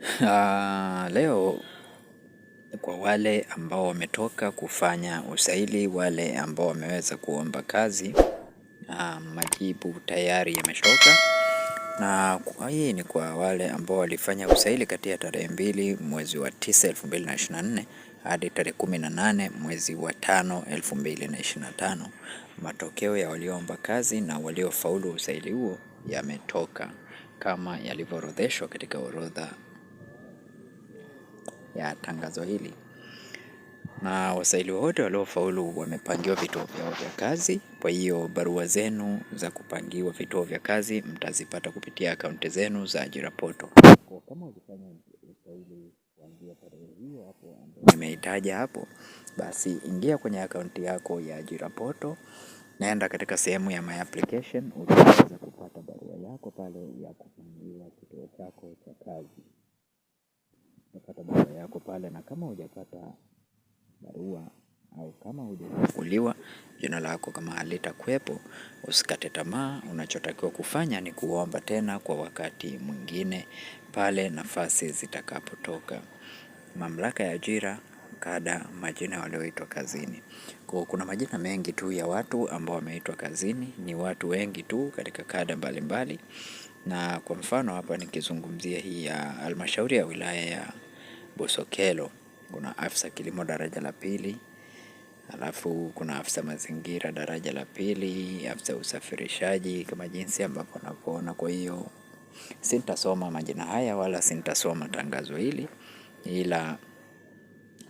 Ah, leo kwa wale ambao wametoka kufanya usaili, wale ambao wameweza kuomba kazi, majibu tayari yametoka. Na hii ni kwa wale ambao walifanya usaili kati ya tarehe mbili mwezi wa tisa elfu mbili na ishirini na nne hadi tarehe kumi na nane mwezi wa tano elfu mbili na ishirini na tano. Matokeo ya walioomba kazi na waliofaulu usaili huo yametoka kama yalivyoorodheshwa katika orodha ya tangazo hili, na wasaili wote waliofaulu wamepangiwa vituo vyao vya kazi. Kwa hiyo barua zenu za kupangiwa vituo vya kazi mtazipata kupitia akaunti zenu za ajira poto. Kwa kama ulifanya usaili kuanzia tarehe hiyo hapo nimeitaja hapo, basi ingia kwenye akaunti yako ya ajira poto, naenda katika sehemu ya my application, utaweza kupata barua yako pale ya kupangiwa kituo chako cha kazi pale, na kama hujapata barua au kama hujafunguliwa jina lako kama halitakuwepo, usikate tamaa. Unachotakiwa kufanya ni kuomba tena kwa wakati mwingine pale nafasi zitakapotoka. Mamlaka ya ajira, kada, majina walioitwa kazini. Kwa kuna majina mengi tu ya watu ambao wameitwa kazini, ni watu wengi tu katika kada mbalimbali, mbali. na kwa mfano hapa nikizungumzia hii ya halmashauri ya wilaya ya Bosokelo, kuna afisa kilimo daraja la pili, alafu kuna afisa mazingira daraja la pili, afisa usafirishaji kama jinsi ambavyo unavyoona. Kwa hiyo sintasoma majina haya wala sintasoma tangazo hili, ila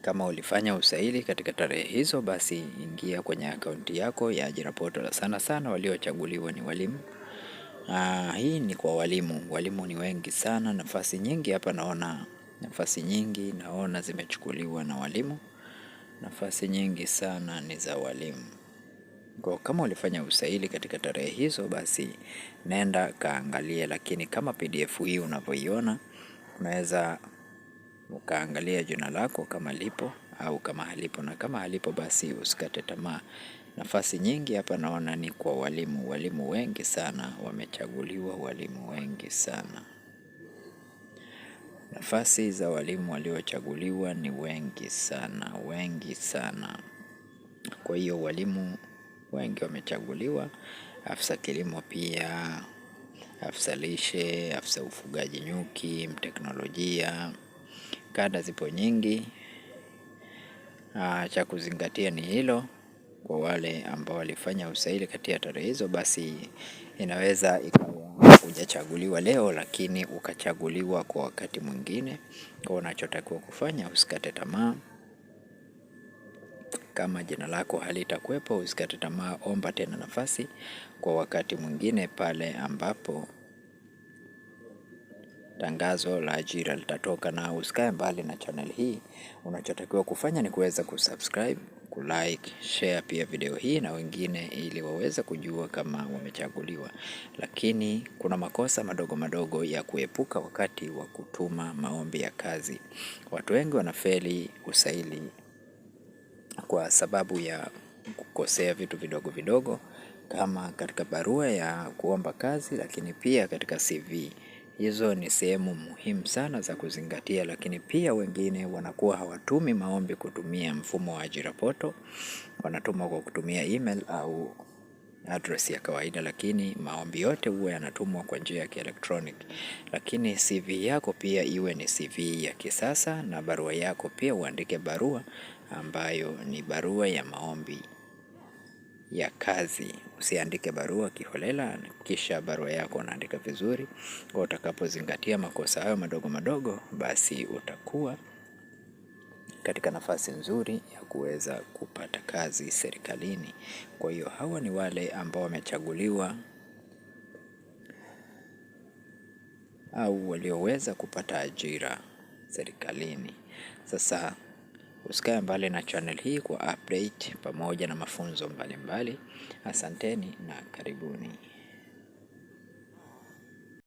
kama ulifanya usaili katika tarehe hizo, basi ingia kwenye akaunti yako ya ajira portal. Sana sana waliochaguliwa ni walimu. Aa, ah, hii ni kwa walimu. Walimu ni wengi sana, nafasi nyingi hapa naona Nafasi nyingi naona zimechukuliwa na walimu. Nafasi nyingi sana ni za walimu. Kwa kama ulifanya usaili katika tarehe hizo basi nenda kaangalie, lakini kama pdf hii unavyoiona unaweza ukaangalia jina lako kama lipo au kama halipo, na kama halipo basi usikate tamaa. Nafasi nyingi hapa naona ni kwa walimu. Walimu wengi sana wamechaguliwa, walimu wengi sana. Nafasi za walimu waliochaguliwa ni wengi sana, wengi sana. Kwa hiyo walimu wengi wamechaguliwa, afisa kilimo pia, afisa lishe, afisa ufugaji nyuki, mteknolojia. Kada zipo nyingi, ah, cha kuzingatia ni hilo. Kwa wale ambao walifanya usaili kati ya tarehe hizo, basi inaweza ika hujachaguliwa leo, lakini ukachaguliwa kwa wakati mwingine. Kwa unachotakiwa kufanya, usikate tamaa. Kama jina lako halitakuwepo, usikate tamaa, omba tena nafasi kwa wakati mwingine, pale ambapo tangazo la ajira litatoka. Na usikae mbali na channel hii. Unachotakiwa kufanya ni kuweza kusubscribe kulike, share pia video hii na wengine, ili waweze kujua kama wamechaguliwa. Lakini kuna makosa madogo madogo ya kuepuka wakati wa kutuma maombi ya kazi. Watu wengi wanafeli usaili kwa sababu ya kukosea vitu vidogo vidogo kama katika barua ya kuomba kazi, lakini pia katika CV. Hizo ni sehemu muhimu sana za kuzingatia, lakini pia wengine wanakuwa hawatumi maombi kutumia mfumo wa ajira poto, wanatuma kwa kutumia email au address ya kawaida, lakini maombi yote huwa yanatumwa kwa njia ya kielektronic. Lakini CV yako pia iwe ni CV ya kisasa, na barua yako pia uandike barua ambayo ni barua ya maombi ya kazi. Usiandike barua kiholela, kisha barua yako unaandika vizuri. Kwa utakapozingatia makosa hayo madogo madogo, basi utakuwa katika nafasi nzuri ya kuweza kupata kazi serikalini. Kwa hiyo hawa ni wale ambao wamechaguliwa au walioweza kupata ajira serikalini. Sasa Usikae mbali na channel hii kwa update pamoja na mafunzo mbalimbali mbali. Asanteni na karibuni.